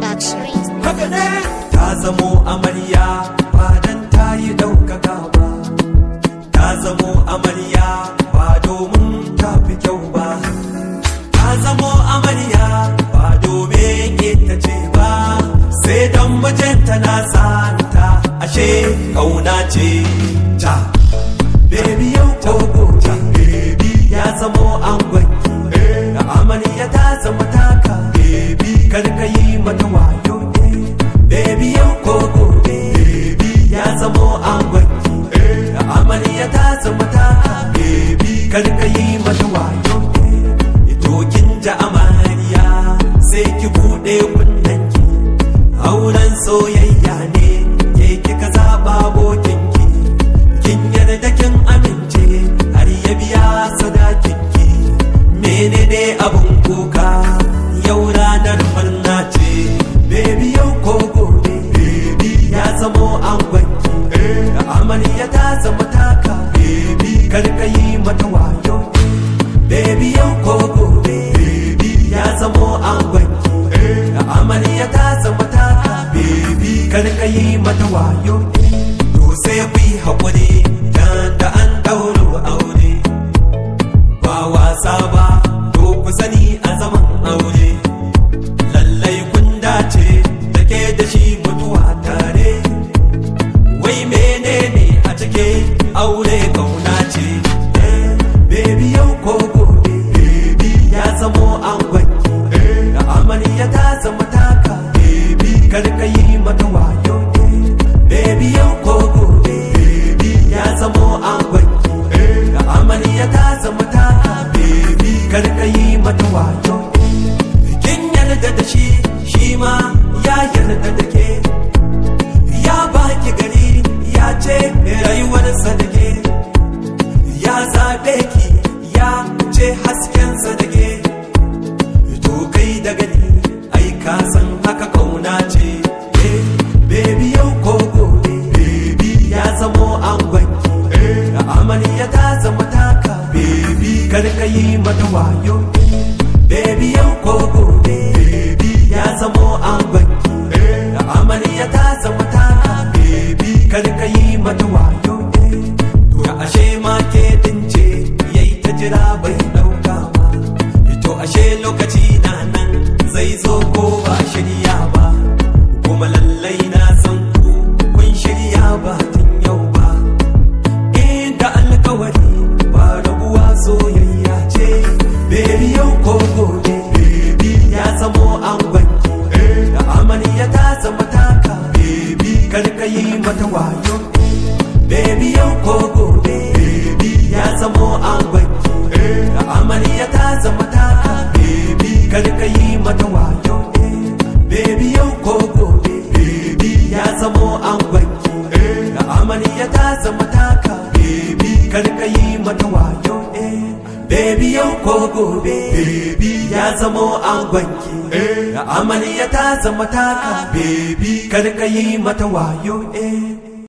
Production. ta zamo amarya ba dan tayi yi ɗaukaka ba. Ta zamo amarya ba domin ta fi kyau ba. Ta zamo amarya ba domin ta ce ba. Sai dan mijinta na santa ashe ƙauna ce. ta. karkayi mata wayo ito eh, kin ji amariya sai ki buɗe kunnanki auren soyayya they Kaun hasken sadake to kai da gani ai ka san haka kauna ce eh baby yau ko gobe baby ya zamo an angwanki eh amarya ta zama taka baby kar ka yi mata wayo baby yau ko gobe baby ya zamo an angwanki eh amarya ta zama taka baby kar ka yi mata wayo eh, to ashe ma ke dince yayi ta jira bai mata wayo baby yau ko gobe baby ya zamo an gwanki eh na amaniya ta zama taka baby yi mata wayo baby yau ko gobe baby ya zamo an gwanki eh na amaniya ta zama taka baby yi mata wayo eh